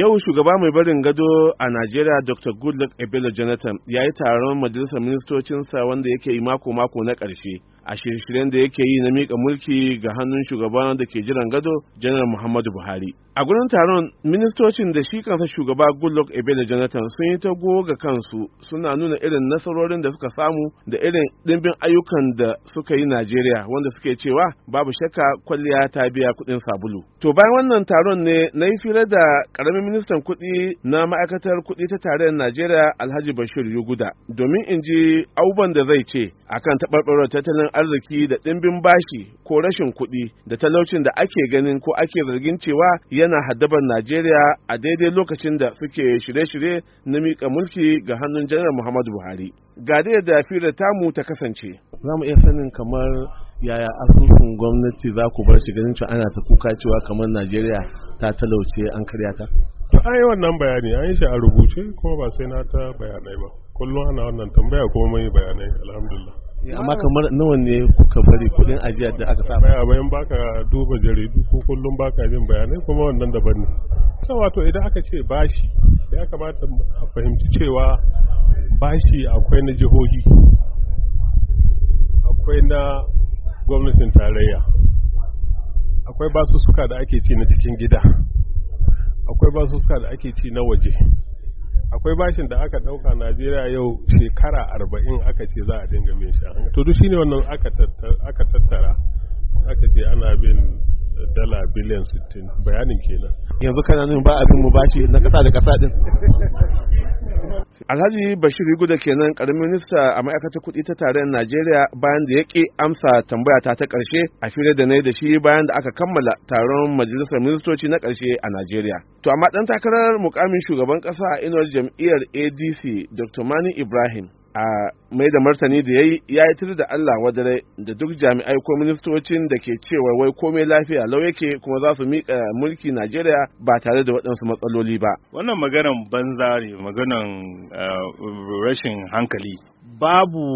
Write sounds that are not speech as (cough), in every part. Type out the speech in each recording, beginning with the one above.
yau shugaba mai barin gado a najeriya dr goodluck ebele jonathan ya yi taron majalisar ministocinsa wanda yake yi mako-mako na ƙarshe a shirye-shiryen da yake yi na mika mulki ga hannun shugaban da ke jiran gado janar muhammadu buhari a gurin taron ministocin da shi kansa shugaba goodluck ebele jonathan sun yi tago ga kansu suna nuna irin nasarorin da suka samu da irin dimbin ayyukan da suka yi najeriya wanda suke cewa babu shakka kwalliya ta biya kuɗin sabulu to bayan wannan taron ne na yi fira da ƙaramin ministan kuɗi na ma'aikatar kuɗi ta tarayyar najeriya alhaji bashir yuguda domin in ji abubuwan da zai ce akan taɓarɓarar tattalin arziki da ɗimbin bashi ko rashin kuɗi da talaucin da ake ganin ko ake zargin cewa yana haddaban Najeriya a daidai lokacin da suke shirye-shirye na miƙa mulki ga hannun janar Muhammadu Buhari. Ga da fira tamu ta kasance. Za mu iya sanin kamar yaya asusun gwamnati za ku bar shi ganin cewa ana ta kuka cewa kamar Najeriya ta talauce an karya ta. an yi wannan bayani an yi shi a rubuce kuma ba sai na ta bayanai ba. Kullum ana wannan tambaya kuma mai bayanai alhamdulillah. amma kamar nawa ne kuka bari kudin ajiya da aka sa baya bayan baka duba jaridu ko kullum baka yin bayanai kuma wannan da ne sai wato idan aka ce bashi ya kamata a fahimci cewa bashi akwai na jihohi akwai na gwamnatin tarayya akwai basu suka da ake ci na cikin gida akwai basu suka da ake ci na waje akwai bashin da aka ɗauka najeriya yau shekara arba'in aka ce za a dinga bin shi to duk shine wannan aka tattara aka ce ana bin dala biliyan 60 bayanin kenan yanzu kana nuna ba abin mu bashi na kasa da kasa din (laughs) Alhaji Bashir Guda kenan karamin minista a ma'aikatar kuɗi ta tarayyar Najeriya bayan da ya ƙi amsa tambaya ta ta ƙarshe a fili da na da shi bayan da aka kammala taron majalisar ministoci na ƙarshe a Najeriya. To amma ɗan takarar mukamin shugaban ƙasa a inuwar jam'iyyar ADC Dr. Mani Ibrahim a mai da martani da ya yi ya da Allah wadare da duk jami'ai ko ministocin da ke cewa wai komai lafiya lau yake kuma za su miƙa mulki Najeriya ba tare da waɗansu matsaloli ba. Wannan maganan banza ne maganan eh, rashin hankali babu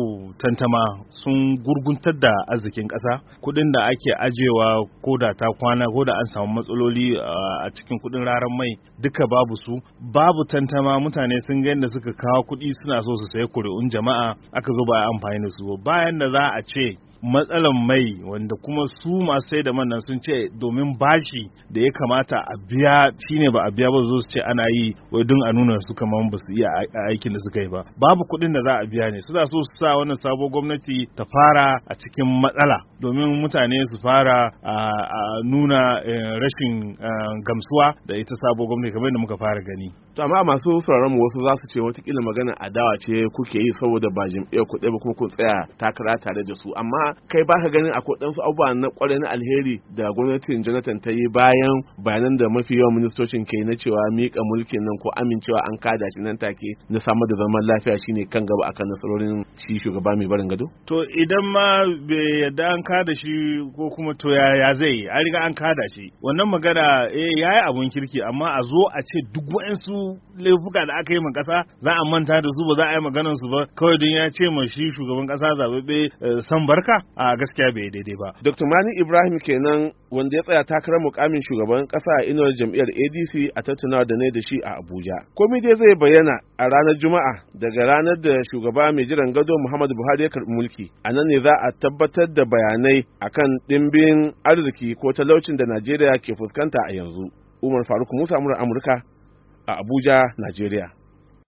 tantama sun gurguntar da arzikin ƙasa kuɗin da ake ajewa ko da ta kwana ko da an samu matsaloli uh, a cikin kuɗin raran mai duka babu su babu tantama mutane sun ga yadda suka kawo kuɗi suna so su sayi kuri'un jama'a aka zo ba amfani da su bayan da za a ce matsalan mai wanda kuma su masu sai da man nan sun ce domin bashi da ya kamata a biya shine ba a biya ba zo su ce ana yi wai dun a nuna su kamar ba su iya aikin da suka yi ba babu kuɗin da za a biya ne suna so su sa wannan sabo gwamnati ta fara a cikin matsala domin mutane su fara a nuna eh, rashin eh, gamsuwa da ita sabo gwamnati kamar da muka fara gani to amma masu sauraron mu wasu za su ce watakila magana adawa ce kuke yi saboda ba jam'iyyar kuɗi ba kuma kun tsaya takara tare da su amma kai ba ka ganin akwai ɗansu abubuwa na kwarai na alheri da gwamnatin jonathan ta yi bayan bayanan da mafi yawan ministocin ke na cewa miƙa mulkin nan ko amincewa an kada shi nan take na samar da zaman lafiya shine kan gaba akan nasarorin shi shugaba mai barin gado to idan ma bai yadda an kada shi ko kuma to ya zai an riga an kada shi wannan magana eh, ya yi abun kirki amma a zo a ce duk wa'ansu laifuka da aka yi ma kasa za a manta da su ba za a yi maganan su ba kawai don ya ce ma shi shugaban kasa zaɓaɓɓe eh, san barka a gaskiya bai daidai ba dr mani ibrahim kenan wanda ya tsaya takarar mukamin shugaban kasa a inuwar jam'iyyar adc a tattaunawa da ne da shi a abuja komai dai zai bayyana a ranar juma'a daga ranar da shugaba mai jiran gado muhammadu buhari ya karbi mulki a nan ne za a tabbatar da bayanai akan dimbin arziki ko talaucin da najeriya ke fuskanta a yanzu umar faruk musa amurka a abuja najeriya